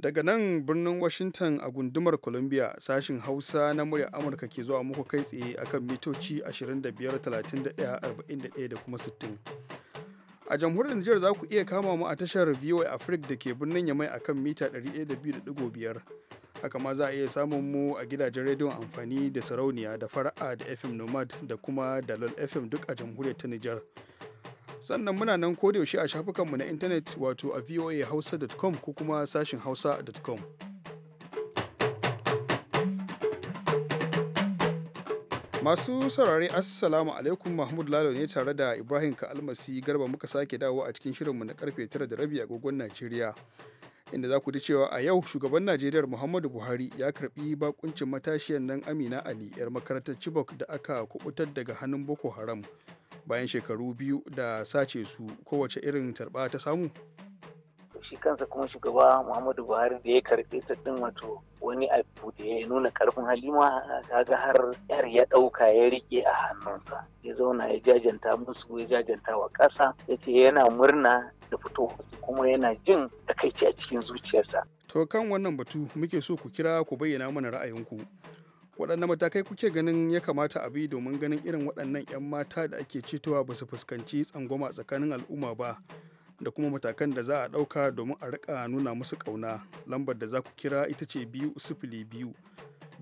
Daga nan birnin Washington a gundumar Columbia sashin Hausa na murya Amurka ke zuwa muku kai tsaye akan mitoci 25, 31, 41 da kuma 60. a jamhuriyar Nijar za ku iya kama mu a tashar VOA Africa da ke birnin Yamai a kan mita 102.5. Haka ma za a iya samun mu a gidajen rediyon amfani da sarauniya da fara'a da FM Nomad da kuma Dalol FM duk a jamhuriyar ta Nijar. sannan muna nan ko yaushe a shafukanmu na intanet wato a voahausa.com ko kuma sashin hausa.com masu saurare assalamu alaikum mahmud lalo ne tare da ibrahim ka almasi garba muka sake dawo a cikin shirinmu na karfe 9 da rabi agogon najeriya inda za ku ji cewa a yau shugaban najeriya muhammadu buhari ya karbi bakuncin matashiyan nan amina ali yar makarantar chibok da aka kubutar daga hannun boko haram bayan shekaru biyu da sace su kowace irin tarba ta samu shi kansa kuma shugaba muhammadu buhari da ya karɓe ta din wato wani abu da ya nuna karfin halima kaga har yar ya ɗauka ya rike a hannunsa ya zauna ya jajanta musu ya jajanta wa ƙasa ya ce yana murna da fito kuma yana jin takaici a cikin zuciyarsa to kan wannan batu muke so ku kira ku bayyana mana ra'ayinku waɗanne matakai kuke ganin ya kamata a bi domin ganin irin waɗannan 'yan mata da ake cetowa ba su fuskanci tsangwama tsakanin al'umma ba da kuma matakan da za a ɗauka domin a riƙa nuna musu ƙauna lambar da za ku kira ita ce biyu sifili biyu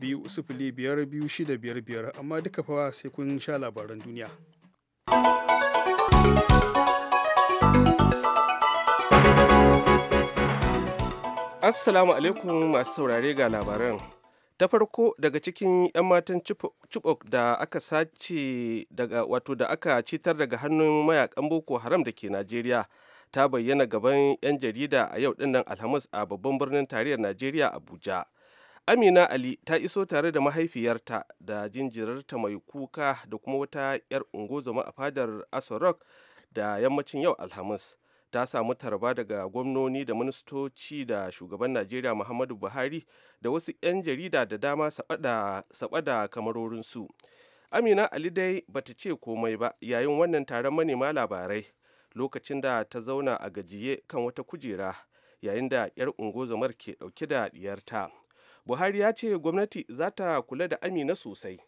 biyu sifili biyar biyu shida biyar biyar amma duka fa sai kun sha labaran duniya. Assalamu alaikum masu saurare ga labaran. ta farko daga cikin 'yan matan chibok da aka sace daga wato da aka citar daga hannun mayakan boko haram da ke najeriya ta bayyana gaban 'yan jarida a yau dinnan alhamis a babban birnin tarayyar najeriya abuja amina ali ta iso tare da mahaifiyarta da jinjirarta mai kuka da kuma wata 'yar ungozoma a fadar asorok da yammacin yau alhamis ta samu tarba daga gwamnoni da ministoci da shugaban najeriya muhammadu buhari da wasu 'yan jarida da dama saɓada kamarorinsu amina ali dai bata ce komai ba yayin wannan taron manema labarai lokacin da ta zauna a gajiye kan wata kujera yayin da 'yar ungozamar ke ɗauke da diyarta buhari ya ce gwamnati za ta kula da amina sosai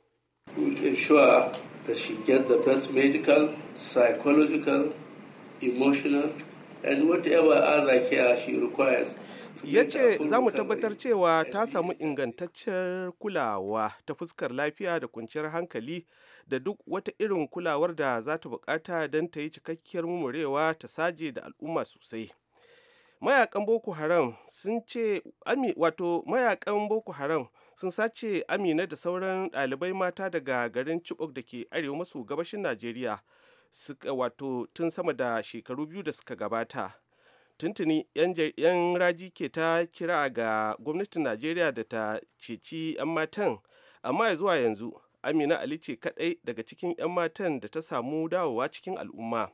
medical, psychological, emotional and whatever ya ce za mu tabbatar cewa ta samu ingantaccen kulawa ta fuskar lafiya da kwanciyar hankali da duk wata irin kulawar da za ta bukata don ta yi cikakkiyar murewa ta saje da al'umma sosai mayakan boko haram sun ce wato mayakan boko haram sun sace amina da sauran ɗalibai mata daga garin chibok da ke arewa maso gabashin najeriya suka wato tun sama da shekaru biyu da suka gabata tuntuni 'yan raji ke ta kira ga gwamnatin najeriya da ta ceci 'yan matan amma zuwa yanzu amina ali ce kadai daga cikin 'yan matan da ta samu dawowa cikin al'umma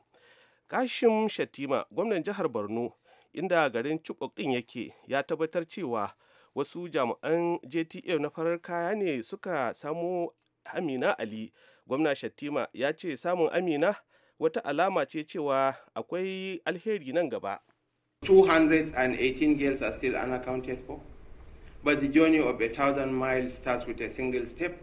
kashim shatima gwamnan jihar borno inda garin chibok din yake ya tabbatar cewa wasu jami'an jta na farar kaya ne suka samo amina ali gwamna shattima ya ce samun amina wata alama ce cewa akwai alheri nan gaba 218 girls are still unaccounted for but the journey of a thousand miles starts with a single step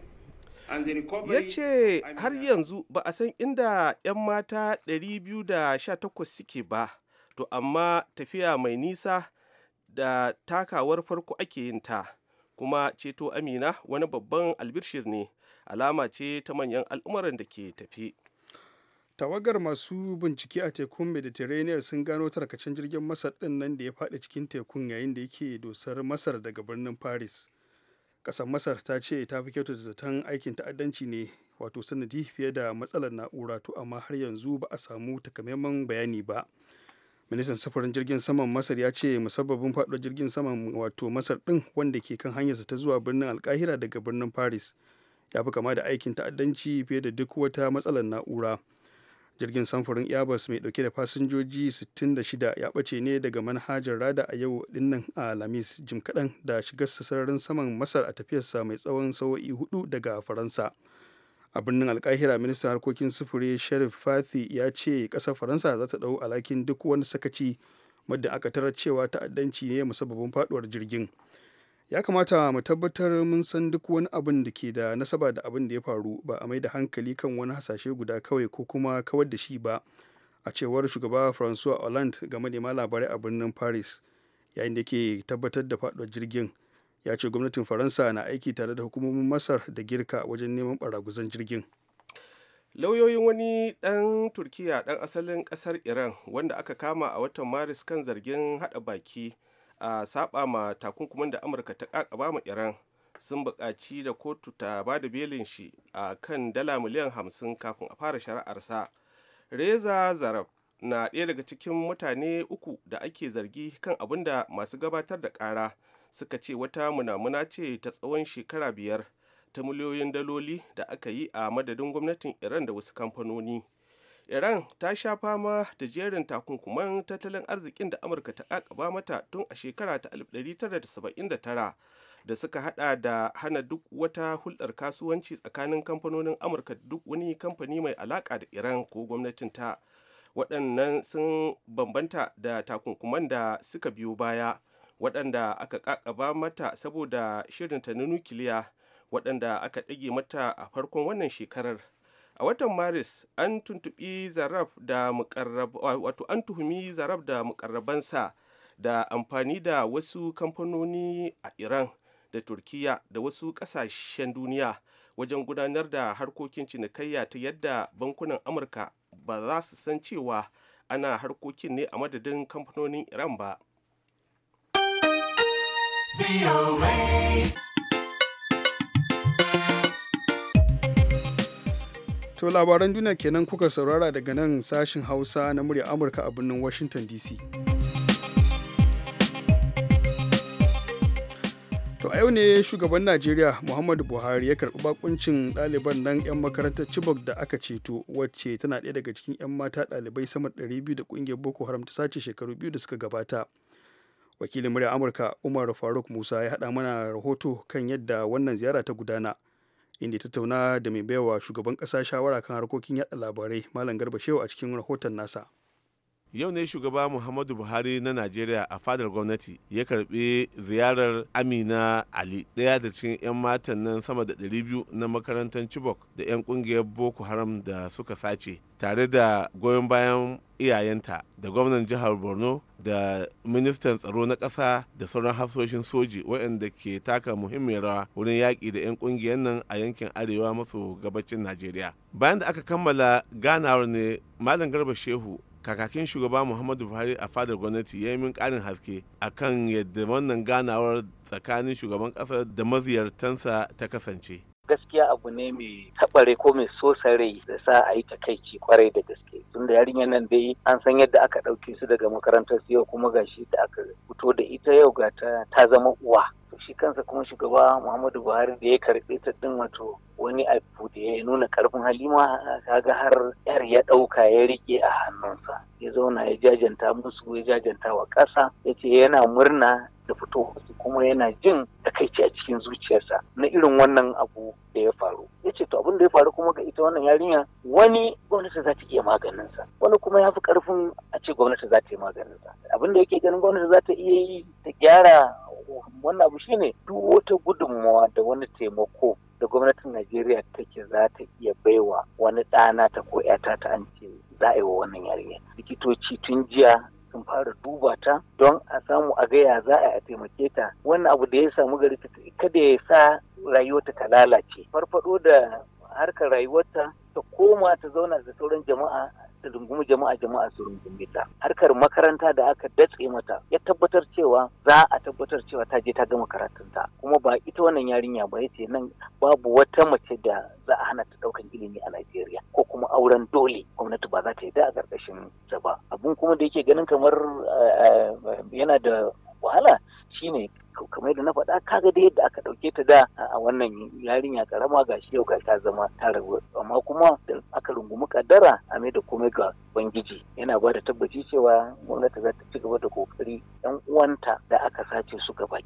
ya ce har uh, yanzu ba a san inda 'yan mata 218 suke ba to amma tafiya mai nisa da takawar farko ake yin ta kuma ceto amina wani babban albishir ne alama ce ta manyan al'umuran da ke tafi tawagar masu bincike a tekun mediterranean sun gano tarkacen jirgin masar ɗin nan da ya faɗi cikin tekun yayin da yake dosar masar daga birnin paris ƙasar masar ta ce ta fi kyautata zaton aikin ta'addanci ne wato sanadi fiye da matsalar na'ura to amma har yanzu ba a samu takamaiman bayani ba ministan safarin jirgin saman masar ya ce musabbabin faɗuwar jirgin saman wato masar ɗin wanda ke kan hanyarsa ta zuwa birnin alkahira daga birnin paris ya fi kama da aikin ta'addanci fiye da duk wata matsalar na'ura jirgin samfurin airbus mai dauke da fasinjoji 66 ya bace ne daga manhajar rada a yau dinnan a lamis jim kadan da shigar sararin saman masar a tafiyarsa mai tsawon sawo'i hudu daga faransa a birnin alkahira ministan harkokin sufuri sharif fathi ya ce ƙasar faransa za ta dau alhakin duk wani sakaci wadda aka tarar cewa ta'addanci ne musabbabin faduwar jirgin ya kamata mu tabbatar mun san duk wani abin da ke da nasaba da abin da ya faru ba a mai da hankali kan wani hasashe guda kawai ko kuma kawar da shi ba a cewar shugaba francois hollande ga manema labarai a birnin paris yayin da ke tabbatar da faduwar jirgin ya ce gwamnatin faransa na aiki tare da hukumomin masar da girka wajen neman baraguzan jirgin lauyoyin wani ɗan turkiya ɗan asalin ƙasar iran wanda aka kama a watan maris kan zargin haɗa baki a saba ma takunkumin da amurka ta kakaba ma iran sun buƙaci da kotu ta ba da belin shi a kan dala miliyan hamsin kafin a fara shari'arsa reza zarab na ɗaya daga cikin mutane uku da ake zargi kan abin da masu gabatar da ƙara suka ce wata munamuna ce ta tsawon shekara biyar ta miliyoyin daloli da aka yi a madadin gwamnatin iran da wasu kamfanoni iran ta sha fama da jerin takunkuman tattalin arzikin da amurka ta kakaba mata tun a shekara ta 1979 da suka hada da hana duk wata hulɗar kasuwanci tsakanin kamfanonin amurka duk wani kamfani mai alaka da iran ko gwamnatin ta waɗannan sun bambanta da takunkuman da suka biyo baya waɗanda aka kakaba mata saboda shirinta na nukiliya waɗanda aka ɗage mata a farkon wannan shekarar a watan maris an tuntubi zaraf da wato an tuhumi zarab da mukarrabansa da amfani da wasu kamfanoni a iran da turkiya da wasu kasashen duniya wajen gudanar da harkokin cinikayya ta yadda bankunan amurka ba za su san cewa ana harkokin ne a madadin kamfanonin iran ba. To labaran duniya kenan kuka saurara daga nan sashin Hausa na murya Amurka a birnin Washington DC. To a yau ne shugaban Najeriya Muhammadu Buhari ya karɓi bakuncin ɗaliban nan 'yan makarantar Chibok da aka ceto wacce tana ɗaya daga cikin 'yan mata ɗalibai sama da 200 da ƙungiyar Boko Haram ta sace shekaru biyu da suka gabata. Wakilin murya Amurka Umar Faruk Musa ya haɗa mana rahoto kan yadda wannan ziyara ta gudana. inda tattauna da mai baiwa shugaban ƙasa shawara kan harkokin yada labarai malam garba shehu a cikin rahoton nasa yau ne shugaba muhammadu buhari na najeriya a fadar gwamnati ya karbi ziyarar amina ali daya da cikin 'yan matan nan sama da 200 na makarantar chibok da 'yan kungiyar boko haram da suka sace tare da goyon bayan iyayenta da gwamnan jihar borno da ministan tsaro na ƙasa da sauran hafsoshin soji waɗanda ke taka muhimmiyar rawa wurin yaƙi da 'yan ƙungiyar nan a yankin arewa maso gabacin najeriya bayan da aka kammala ganawar ne malam garba shehu kakakin shugaba muhammadu buhari a fadar gwamnati ya yi min karin haske akan yadda wannan ganawar tsakanin shugaban kasar da maziyartansa ta kasance gaskiya abu ne mai taɓare ko mai sosa rai da sa a yi takaici kwarai da gaske tunda yarinyar nan dai an san yadda aka ɗauke su daga makarantar su yau kuma gashi da aka fito da ita yau ga ta zama uwa shi kansa kuma shugaba Muhammadu Buhari da ya karɓe ta din wato wani abu da ya nuna karfin halima kaga har yar ya ɗauka ya rike a hannunsa ya zauna ya jajanta musu ya jajanta wa ƙasa ya ce yana murna da fito kuma yana jin takaici a cikin zuciyarsa na irin wannan abu da ya faru ya ce to abin da ya faru kuma ga ita wannan yarinya wani gwamnati za ta iya sa. wani kuma ya fi karfin a ce gwamnati za ta yi sa. abin da yake ganin gwamnati za ta iya yi ta gyara wannan abu shine duk wata gudunmawa da wani taimako da gwamnatin Najeriya take za ta iya baiwa wani ɗana ta ko ‘yata ta an ce za a yi wa wannan yarinya. Likitoci tun jiya sun fara duba ta don a samu a gaya za a taimake ta wannan abu da ya samu gari kada ya sa rayuwata ta lalace farfado da harkar rayuwarta ta koma ta zauna da sauran jama'a ta rungumi jama'a jama'a su rungume ta harkar makaranta da aka datse mata ya tabbatar cewa za a tabbatar cewa ta je ta gama ta. kuma ba ita wannan yarinya ba ya ce nan babu wata mace da za a hana ta daukan ilimi a Najeriya ko kuma auren dole gwamnati ba za ta yi da a karkashin ta ba abun kuma da yake ganin kamar eh, eh, yana da wahala shine kamar da na faɗa kaga da yadda aka ɗauke ta da a wannan yarinya karama gashi yau ga ta zama ta rabu amma kuma da aka rungumi kaddara a mai da komai ga ubangiji yana ba da tabbaci cewa gwamnati za ta ci gaba da kokari yan uwanta da aka sace su gaba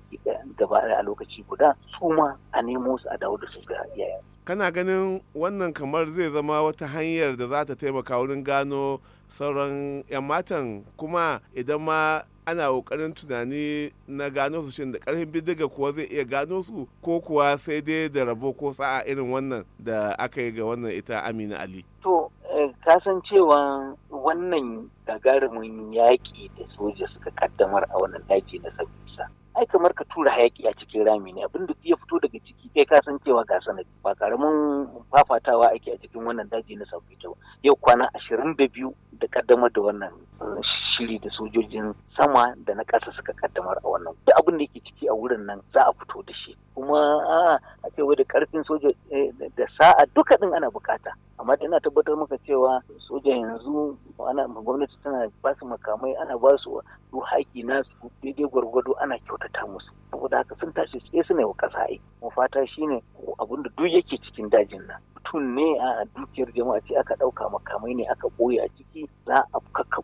gaba a lokaci guda su ma a nemo su a dawo da su ga iyayen kana ganin wannan kamar zai zama wata hanyar da za ta taimaka wurin gano sauran 'yan matan kuma idan ma ana kokarin tunani na gano su shin da ƙarfin bindiga kuwa zai iya gano su ko kuwa sai dai da rabo ko sa'a irin wannan da aka yi ga wannan ita amina ali to eh, kasancewa wannan gagarumin yaƙi da soja suka kaddamar a wannan daji na sabisa ai kamar ka tura hayaki a cikin rami ne abinda ya fito daga ciki kai ka san cewa ga sanadi ba karamin fafatawa ake a cikin wannan daji na ta yau kwana ashirin da biyu da kaddamar da wannan eh, shiri da sojojin sama da na ƙasa suka kaddamar a wannan duk abin da yake ciki a wurin nan za a fito da shi kuma a cewa da karfin soja eh, da sa'a duka din ana bukata amma ina tabbatar maka cewa soja yanzu ana gwamnati tana ba su makamai ana ba su su haƙi nasu daidai gwargwado ana kyautata musu saboda haka sun tashi su suna wa ƙasa ai mu fata shine abin da duk yake cikin dajin nan mutum ne a dukiyar jama'a ce aka ɗauka makamai ne aka ɓoye a ciki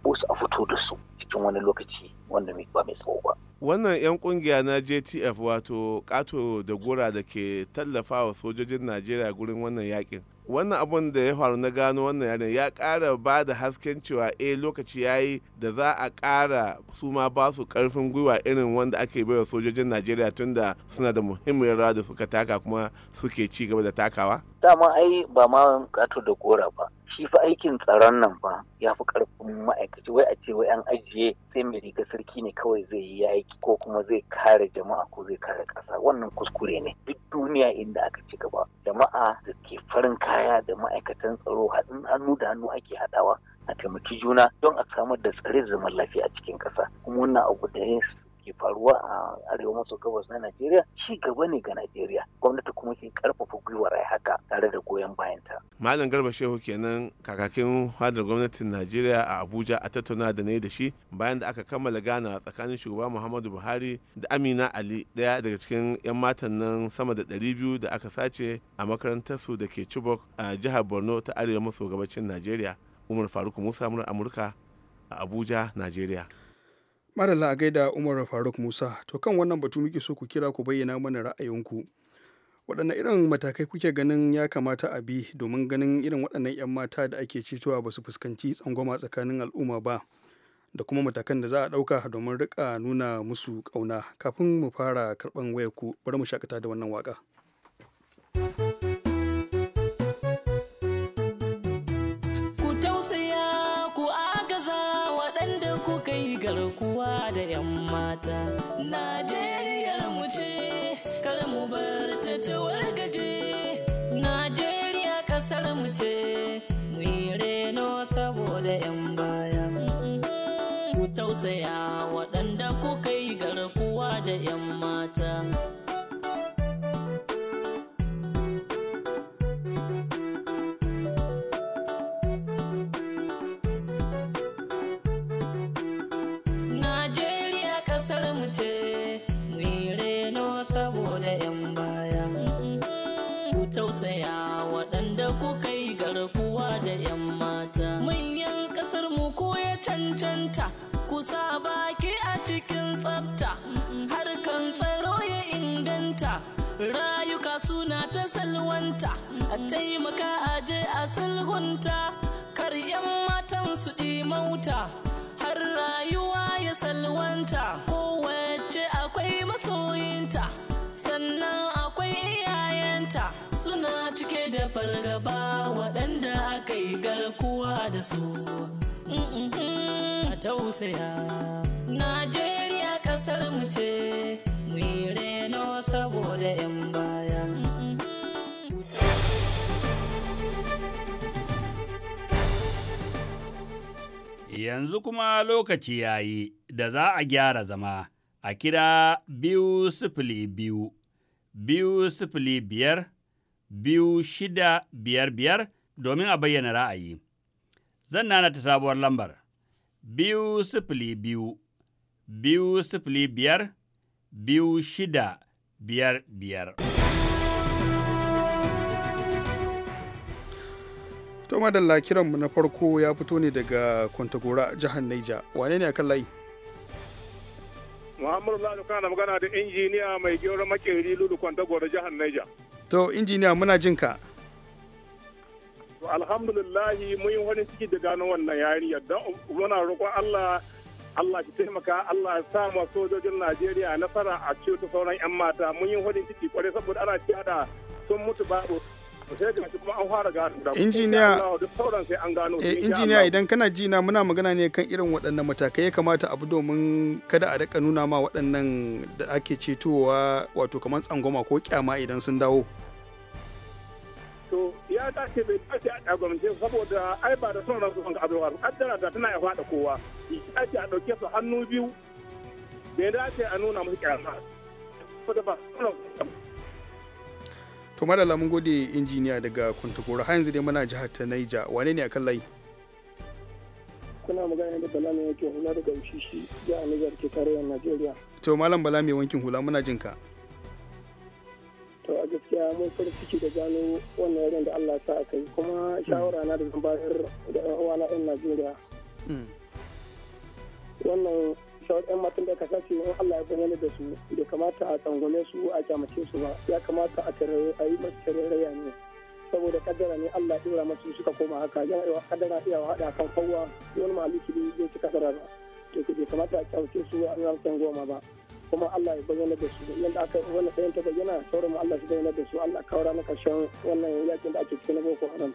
Bus su a fito da su cikin wani lokaci wanda ba mai tsawo ba. Wannan 'yan kungiya na JTF wato kato da gora da ke tallafawa sojojin Najeriya gurin wannan yakin. Wannan abun da ya faru na gano wannan yarin ya kara ba da hasken cewa eh lokaci ya yi da za a ƙara su ma ba su ƙarfin gwiwa irin wanda ake baiwa sojojin Najeriya tun da suna da muhimmiyar rawa da suka taka kuma suke ci gaba da takawa. Dama ai ba ma kato da gora ba. shi fa aikin tsaron nan ba ya fi karfin ma'aikaci wai a ce wai an ajiye sai mai riga sarki ne kawai zai yi yaki ko kuma zai kare jama'a ko zai kare ƙasa wannan kuskure ne duk duniya inda aka ci gaba jama'a da ke farin kaya da ma'aikatan tsaro haɗin hannu da hannu ake haɗawa a taimaki juna don a samar da tsare zaman lafiya a cikin ƙasa kuma wannan abu da ya ke faruwa a arewa maso gabas na Najeriya ci gaba ne ga Najeriya gwamnati kuma ke karfafa gwiwar ai haka tare da goyon bayanta. Malam Garba Shehu kenan kakakin hadar gwamnatin Najeriya a Abuja a tattauna da ne da shi bayan da aka kammala gana tsakanin shugaba Muhammadu Buhari da Amina Ali daya daga cikin 'yan matan nan sama da 200 da aka sace a makarantar su da ke Chibok a jihar Borno ta arewa maso gabacin Najeriya. Umar Faruk Musa Amurka a Abuja, Najeriya. madalla a gaida umar faruk musa to kan wannan batu muke so ku kira ku bayyana mana ra'ayinku waɗanne irin matakai kuke ganin ya kamata a bi domin ganin irin waɗannan 'yan mata da ake cetowa ba su fuskanci tsangwama tsakanin al'umma ba da kuma matakan da za a ɗauka domin riƙa nuna musu ƙauna kafin mu fara karɓan ku bari mu shakata da wannan waƙa. da su a tausaya najeriya kasar mu ce reno saboda 'yan baya yanzu kuma lokaci ya yi da za a gyara zama a kira biyu sifili biyu biyu sifili biyar biyu shida biyar biyar domin a bayyana ra'ayi. Zan nana ta sabuwar lambar biyu sifili biyu, biyu sifili biyar, biyu shida biyar biyar. To madalla kiranmu na farko ya fito ne daga Kwantagora jihar Naija. Wane ne kan layi? Muhammadu Lalu kana magana da injiniya mai gero makeri Lulu Kuntagora jihar Naija. To injiniya muna jinka. ka. alhamdulillahi mun yi wani ciki da gano wannan yariya don muna roƙon Allah Allah ki taimaka Allah ya sa ma sojojin Najeriya nasara a ceto sauran 'yan mata mun yi wani ciki kwarai saboda ana ciya da sun mutu babu injiniya eh, idan kana ji na muna magana ne kan irin waɗannan matakai ya kamata abu domin kada a daka nuna ma waɗannan da ake cetowa wato kamar tsangwama ko kyama idan sun dawo to ya dace bai dace a gwamnati saboda ai ba da son ransu son abubuwa kaddara da tana ya fada kowa ya dace a dauke su hannu biyu bai dace a nuna musu kyama saboda ba son to madalla mun gode injiniya daga kuntukura har yanzu dai muna jihar ta naija wane ne akan layi kuna magana da bala mai wankin hula daga ushishi a niger ke tarayyar najeriya to malam bala mai wankin hula muna jinka to a gaskiya mun fara ciki da gano wannan yaren da Allah sa aka yi kuma shawara na da bayar da yan uwa na yan Najeriya hmm. wannan shawarar yan matan da ka sace in Allah ya bayyana da su da kamata a tsangwame su a kyamace su ba ya kamata a tare a yi masu tarayya ne saboda kaddara ne Allah ɗora masu suka koma haka yana iya kaddara iya haɗa kan kowa wani maliki ne zai ci kaddara ba to kamata a kyamace su a yan goma ba kuma Allah ya bayyana da su yadda aka wannan sayan ta bayyana sauran mu Allah ya bayyana da su Allah kawo na karshen wannan yakin da ake cikin na Boko Haram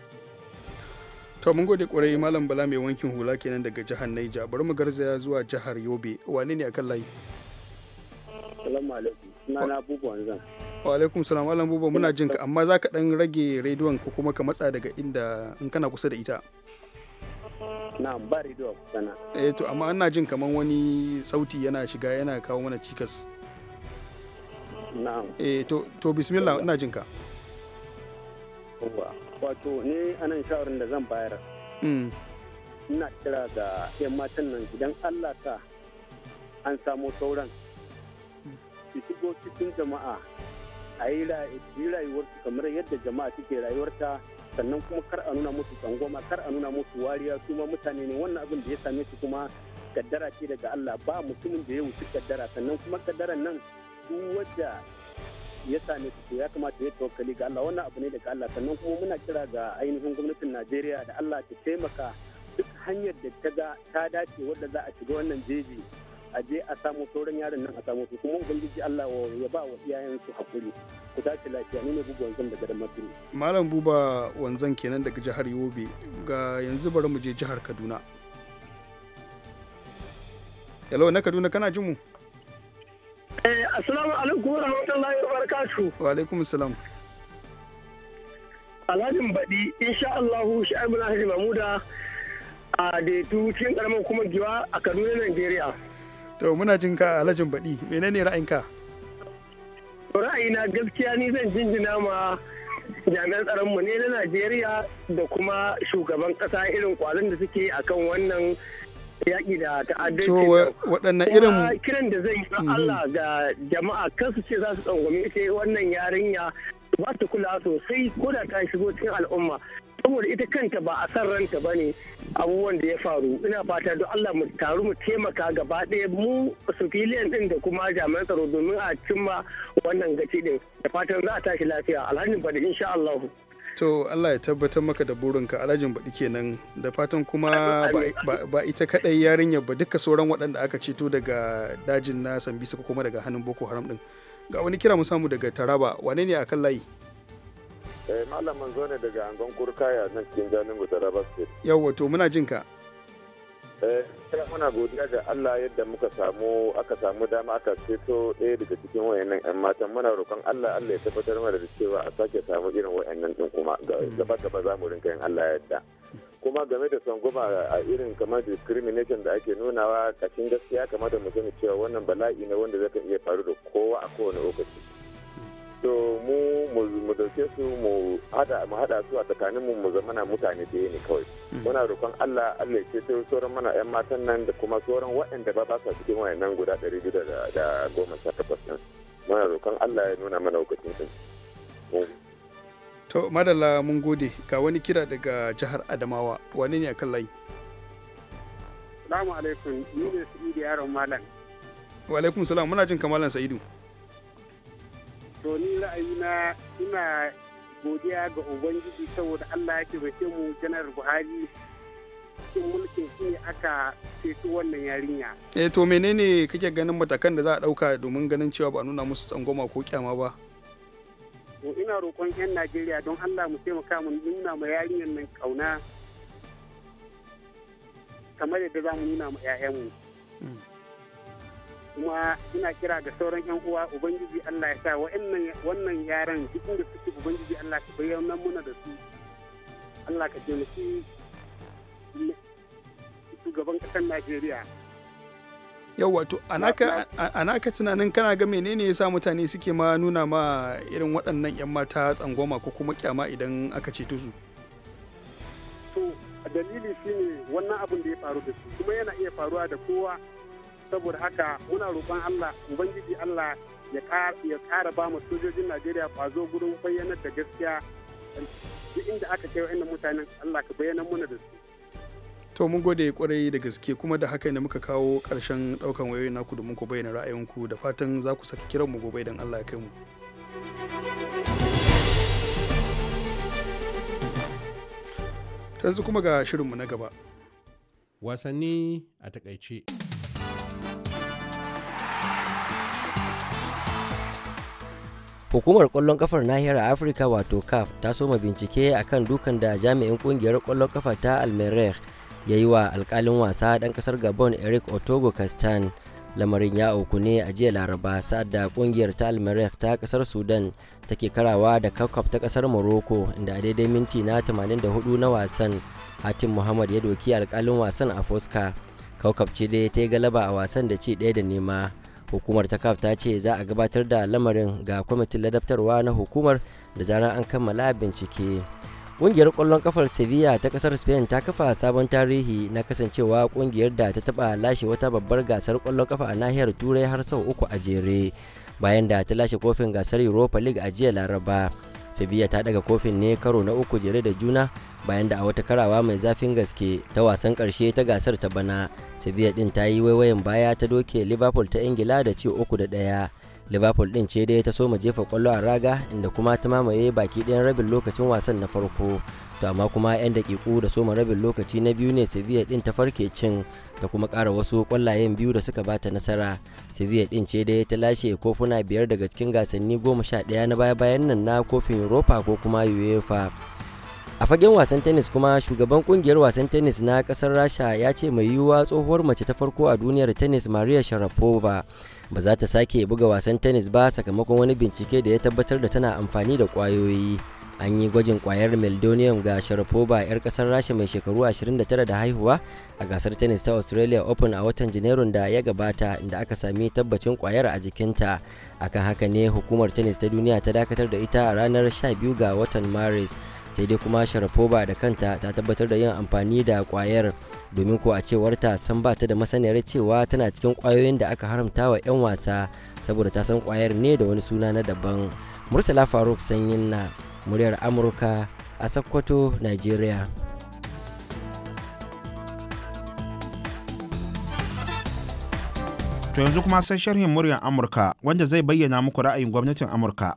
to mun gode kwarai malam bala mai wankin hula kenan daga jihar Niger bari mu garzaya zuwa jihar Yobe wane ne akan layi Assalamu alaikum sunana Abubuwan zan wa alaikum salam malam buba muna jinka amma za ka dan rage rediyon ko kuma ka matsa daga inda in kana kusa da ita na'am ba rediyo eh to amma ana jin kamar wani sauti yana shiga yana kawo mana cikas na'am eh to to bismillah ina jin ka wato ne anan shawarin da zan bayar mm. ina kira ga 'yan matan nan idan Allah ta an samo sauran Ki shigo cikin jama'a a yi rayuwarsu kamar yadda jama'a suke rayuwarta sannan kuma kar a nuna musu tsangoma kar a nuna musu wariya su ma mutane ne wannan abin da ya same su kuma kaddara ce daga Allah ba mutumin da ya wuce kaddara sannan kuma kaddaran nan su wadda ya same su ya kamata ya tawakkali ga Allah wannan abu ne daga Allah sannan kuma muna kira ga ainihin gwamnatin Najeriya da Allah ta taimaka duk hanyar da ta ga ta dace wadda za a shiga wannan jeji a je a samu sauran yaron nan a samu su kuma ubangiji Allah ya ba wa iyayensu hakuri ku tashi lafiya ne bugu wanzan daga da maturu malam buba wanzan kenan daga jihar Yobe ga yanzu bari mu je jihar Kaduna Hello na Kaduna kana jin mu Eh assalamu alaikum wa rahmatullahi wa barakatuh Wa alaikum assalam Alhajin baɗi insha Allahu shi'ar Mamuda a da cikin ƙaramin kuma giwa a Kaduna Najeriya. to muna jin ka alhajin baɗi menene ra'ayinka ra'ayina gaskiya ni zan jinjina ma jami'an tsaronmu ne na najeriya da kuma shugaban ƙasa irin ƙwazon da suke akan wannan yaƙi da ta'addanci to waɗannan irin kiran da zai yi mm-hmm. Allah ga jama'a kan su ce za su tsangwame ita wannan yarinya ba su kula sosai ko da ta shigo cikin al'umma saboda ita kanta ba a san ranta ba ne abubuwan da ya faru ina fata don allah mu taru mu taimaka gaba ɗaya mu civilian din da kuma jami'an tsaro domin a cimma wannan gaci din da fatan za a tashi lafiya alhamdulillah ba da insha Allah to Allah ya tabbatar maka da burinka alhajin baɗi kenan da fatan kuma ba ita kaɗai yarinyar ba duka sauran waɗanda aka ceto daga dajin na sambisa ko kuma daga hannun boko haram ɗin ga wani kira mu samu daga taraba wane ne a kan layi Eh, malamin zo ne daga angon kurkaya nan cikin janin gutaraba state yawwa to muna jinka eh, sai muna godiya ga Allah yadda muka samu aka samu dama aka ceto ɗaya daga cikin wayannan 'yan matan muna roƙon Allah Allah ya tabbatar mana da cewa a sake samu irin wayannan din kuma hmm. gaba gaba za mu rinka yin Allah ya yadda kuma game da sangoma a irin kamar discrimination da ake nunawa kashin gaskiya kamar da mu sani cewa wannan bala'i ne wanda zai iya faru da kowa a kowane lokaci to mu mu dauke su mu hada mu hada su a tsakanin mu mu zama na mutane da ne kawai mm. muna roƙon Allah Allah ya ceto sauran mana yan matan nan da kuma sauran waɗanda ba ba sa cikin wayannan guda 200 da goma sha takwas din muna roƙon Allah ya nuna mana lokacin din to madalla mun gode ga wani kira daga jihar Adamawa wani ne akan layi Assalamu alaikum ni ne Sa'idu yaron malam Wa alaikum salam muna jin kamalan Sa'idu To ni ra'ayina ina godiya ga Ubangiji saboda Allah yake bace mu janar Buhari cikin mulkin shi aka ceto wannan yarinya. Eh to menene kake ganin matakan da za a ɗauka domin ganin cewa ba nuna musu tsangwama ko kyama ba? To ina roƙon 'yan Najeriya don Allah mu taimaka mu nuna ma yarinyan nan kauna kamar yadda za mu nuna ma 'ya'yanmu. Hmm. kuma ina kira ga sauran yan uwa ubangiji Allah ya sa wa'annan wannan yaran duk da suke ubangiji Allah ka bayyana muna da su Allah ka su gaban ƙasar Najeriya yau wato anaka tunanin kana ga menene yasa mutane suke ma nuna ma irin waɗannan 'yan mata tsangwama ko kuma kyama idan aka ce tuzu to dalili shine wannan abin da ya faru da su kuma yana iya faruwa da kowa saboda haka muna roƙon Allah ubangiji Allah ya ƙara ba mu sojojin Najeriya kwazo gurin bayyanar da gaskiya duk inda aka kai wa'annan mutanen Allah ka bayyana muna da su to mun gode kwarai da gaske kuma da haka ne muka kawo ƙarshen daukan wayoyin naku domin ku bayyana ra'ayinku da fatan za ku saka kiran mu gobe idan Allah ya kai mu yanzu kuma ga shirinmu na gaba wasanni a takaice hukumar kwallon kafar nahiyar afirka wato caf ta soma bincike akan dukan da jami'in kungiyar kwallon kafa ta almerech ya yi wa alkalin wasa dan kasar gabon eric otogo castan lamarin ya auku ne a jiya laraba sa'ad da kungiyar ta almerech ta kasar sudan take karawa da kakaf ta kasar morocco inda a daidai minti na 84 na wasan hatim muhammad ya doki alkalin wasan a foska kakaf ce dai ta yi galaba a wasan da ci ɗaya da nema hukumar ta kaf ta ce za a gabatar da lamarin ga kwamitin ladabtarwa na hukumar da zarar an kammala bincike ƙungiyar kwallon kafar sevilla ta ƙasar spain ta kafa sabon tarihi na kasancewa ƙungiyar da ta taba lashe wata babbar gasar kwallon kafa a nahiyar turai har sau uku a jere bayan da ta lashe kofin gasar europa league a jiya laraba sevilla ta daga kofin ne karo na uku jere da juna bayan da a wata karawa mai zafin gaske ta wasan karshe ta gasar ta bana sevilla din ta yi waiwayin baya ta doke liverpool ta ingila da ci uku da ɗaya liverpool din ce dai ta soma jefa kwallo a raga inda kuma ta mamaye baki ɗayan rabin lokacin wasan na farko to amma kuma 'yan dakiku da soma rabin lokaci na biyu ne sevilla din ta farke cin ta kuma kara wasu kwallayen biyu da suka bata nasara sevilla din ce da ta lashe kofuna biyar daga cikin gasanni goma sha daya na baya-bayan nan na kofin europa ko kuma uefa a fagen wasan tennis kuma shugaban kungiyar wasan tennis na kasar rasha ya ce mai yiwuwa tsohuwar mace ta farko a duniyar tennis maria sharapova ba za ta sake buga wasan tennis ba sakamakon wani bincike da ya tabbatar da tana amfani da kwayoyi. an yi gwajin kwayar meldonium ga sharapova 'yar kasar rasha mai shekaru 29 da haihuwa a gasar tennis ta australia open a watan janairun da ya gabata inda aka sami tabbacin kwayar a jikinta akan haka ne hukumar tennis ta duniya ta dakatar da ita a ranar 12 ga watan maris sai dai kuma sharapova da kanta ta tabbatar da yin amfani da kwayar domin ko a cewarta san ba ta da masaniyar cewa tana cikin kwayoyin da aka haramta wa 'yan wasa saboda ta san kwayar ne da wani suna na daban murtala faruk sanyin na muryar amurka a sokoto nigeria to yanzu kuma sai sharhin muryar amurka wanda zai bayyana muku ra'ayin gwamnatin amurka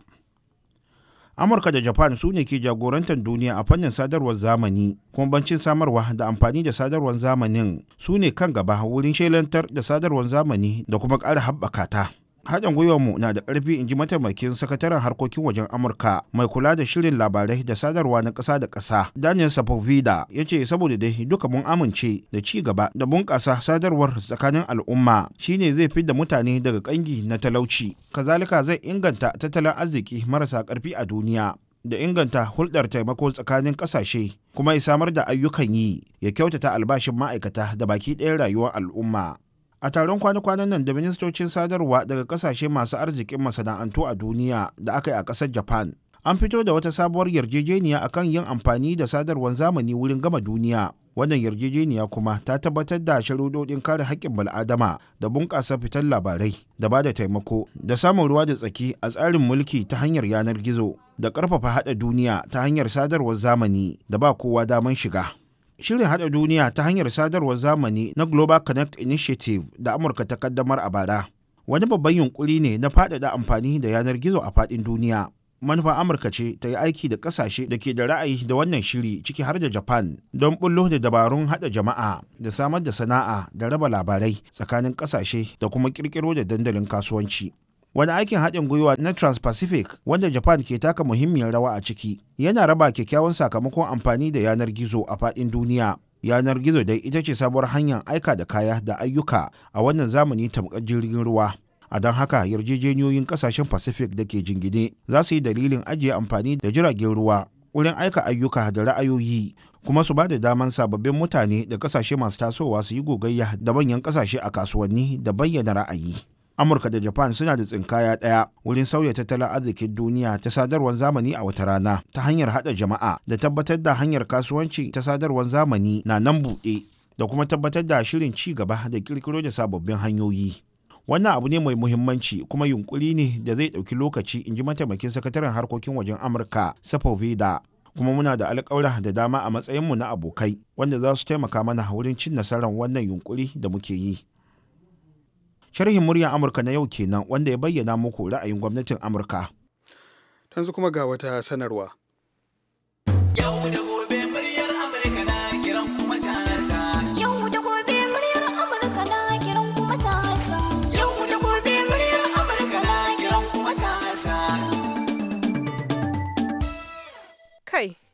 amurka da japan su ne ke jagorantar duniya a fannin sadarwar zamani kuma bancin samarwa da amfani da sadarwar zamanin su ne kan gaba wurin shelantar da sadarwar zamani da kuma ƙara haɓaka ta haɗin mu na da ƙarfi in ji mataimakin sakataren harkokin wajen amurka mai kula da shirin labarai da sadarwa na ƙasa da ƙasa daniel sapovida ya ce saboda dai duka mun amince da ci gaba da bunƙasa sadarwar tsakanin al'umma shine zai fi da mutane daga ƙangi na talauci kazalika zai inganta tattalin arziki marasa ƙarfi a duniya da inganta hulɗar taimako tsakanin ƙasashe kuma ya samar da ayyukan yi ya kyautata albashin ma'aikata da baki ɗaya rayuwar al'umma a taron kwana-kwanan nan da ministocin sadarwa daga kasashe masu arzikin masana'antu a duniya da aka yi a ƙasar japan an fito da wata sabuwar yarjejeniya a kan yin amfani da sadarwar zamani wurin gama duniya wannan yarjejeniya kuma ta tabbatar da sharuɗoɗin kare haƙƙin bal'adama da bunƙasa fitar labarai da ba da taimako da samun ruwa da tsaki a tsarin mulki ta hanyar yanar gizo da ƙarfafa haɗa duniya ta hanyar sadarwar zamani da ba kowa daman shiga Shirin haɗa duniya ta hanyar sadarwar zamani na Global Connect Initiative da Amurka ta kaddamar a bara. Wani babban yunkuri ne na faɗaɗa amfani da yanar gizo a faɗin duniya. Manufa Amurka ce ta yi aiki da ƙasashe da ke da ra'ayi da wannan shiri ciki har da Japan don bullo da dabarun haɗa jama'a da samar da sana'a da raba labarai tsakanin ƙasashe da kuma ƙirƙiro da dandalin kasuwanci. wani aikin haɗin gwiwa na trans-pacific wanda japan ke taka muhimmiyar rawa a ciki yana raba kyakkyawan sakamakon amfani da yanar gizo a faɗin duniya yanar gizo dai ita ce sabuwar hanyar aika da kaya da ayyuka a wannan zamani tamkar jirgin ruwa a don haka yarjejeniyoyin kasashen pacific da ke jingine za su yi dalilin ajiye amfani da jiragen ruwa wurin aika ayyuka da ra'ayoyi kuma su ba da daman sababbin mutane da kasashe masu tasowa su yi gogayya da manyan kasashe a kasuwanni da bayyana ra'ayi amurka da japan suna da tsinkaya ɗaya wurin sauya tattalin arzikin duniya ta sadarwar zamani a wata rana ta hanyar haɗa jama'a da tabbatar da hanyar kasuwanci ta sadarwar zamani na nan buɗe da kuma tabbatar da shirin ci gaba da kirkiro da sababbin hanyoyi wannan abu ne mai muhimmanci kuma yunkuri ne da zai ɗauki lokaci in ji mataimakin sakataren harkokin wajen amurka sapovida kuma muna da alƙawura da dama a matsayinmu na abokai wanda za su taimaka mana wurin cin nasarar wannan yunkuri da muke yi Sharhin muryar Amurka na yau kenan wanda ya bayyana muku ra'ayin gwamnatin Amurka. Yanzu kuma ga wata sanarwa. Yau da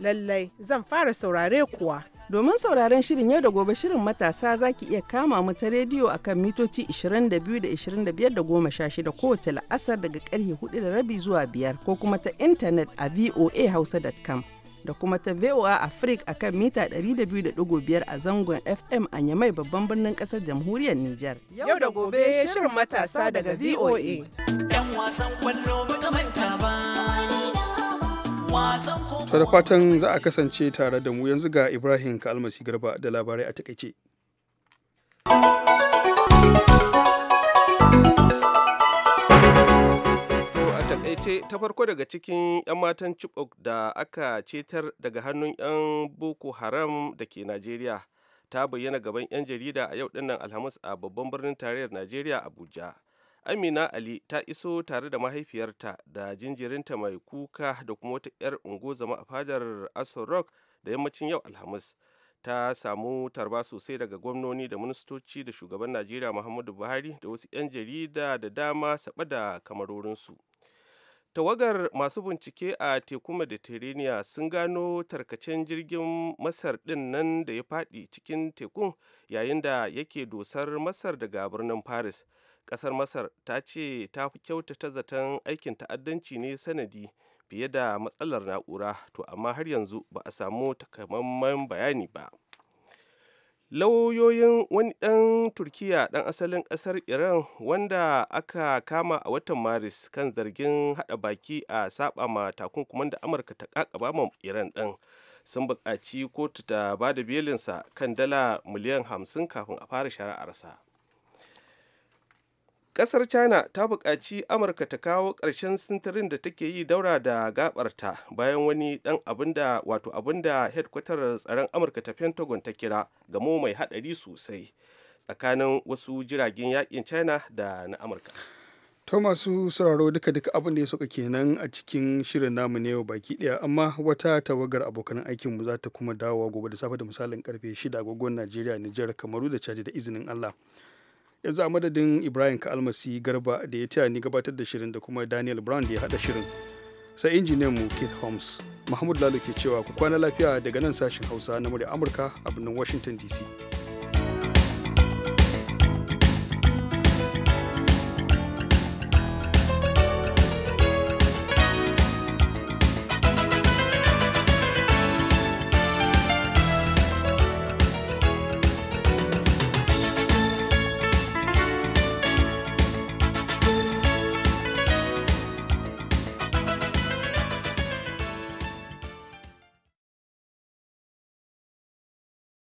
lallai zan fara saurare kuwa. Domin sauraren shirin yau da gobe shirin matasa za ki iya kama mu ta rediyo a kan mitoci 22 da 25 da 16 kowace la'asar daga karhe 4 da rabi zuwa biyar ko kuma ta intanet a voahausa.com da kuma ta VOA Africa kan mita 200.5 a zangon FM a Yamai babban birnin kasar jamhuriyar Nijar. Yau da gobe shirin matasa daga VOA. 'Yan wasan kwallo ba ba. To da fatan za a kasance tare da mu yanzu ga Ibrahim Kalmasi Garba da labarai a takaice. takaice ta farko daga cikin 'yan matan chibok da aka cetar daga hannun 'yan boko haram da ke najeriya ta bayyana gaban 'yan jarida a yau dinnan alhamis a babban birnin tarayyar najeriya abuja amina ali ta iso tare da mahaifiyarta da jinjirinta mai kuka da kuma wata 'yar ungozama a fadar aso rock da yammacin yau alhamis ta samu tarba sosai daga gwamnoni da ministoci da shugaban najeriya muhammadu buhari da wasu 'yan jarida da dama saba da kamarorinsu tawagar masu bincike a teku mediterranean sun gano tarkacen jirgin masar din nan da ya faɗi cikin tekun yayin da yake dosar masar daga birnin paris kasar masar ta ce ta fi kyautata zaton aikin ta'addanci ne sanadi fiye da matsalar na'ura to amma har yanzu ba a samu takamaiman bayani ba lauyoyin wani ɗan turkiya ɗan asalin ƙasar iran wanda aka kama a watan maris kan zargin haɗa baki a saba ma takunkuman da amurka ta kakaba ma iran ɗin sun buƙaci kotu ta bada da belinsa kan dala miliyan hamsin kafin a fara shari'arsa kasar china ta buƙaci amurka ta kawo ƙarshen sintirin da take yi daura da gabarta bayan wani ɗan abinda wato abinda hedkwatar tsaron amurka ta pentagon ta kira gamo mai haɗari sosai tsakanin wasu jiragen yakin china da na amurka to masu sauraro duka duka abin da ya soka kenan a cikin shirin namu ne yau baki daya amma wata tawagar abokan aikin mu za ta kuma dawowa gobe da safe da misalin karfe 6 agogon najeriya nijar kamaru da chadi da izinin allah yanzu a madadin ibrahim ka almasi garba da ya taya ni gabatar da shirin da kuma daniel brown da ya haɗa shirin sai injiniyan mu keith holmes mahmud lalo ke cewa ku kwana lafiya daga nan sashen hausa na murya amurka a birnin washington dc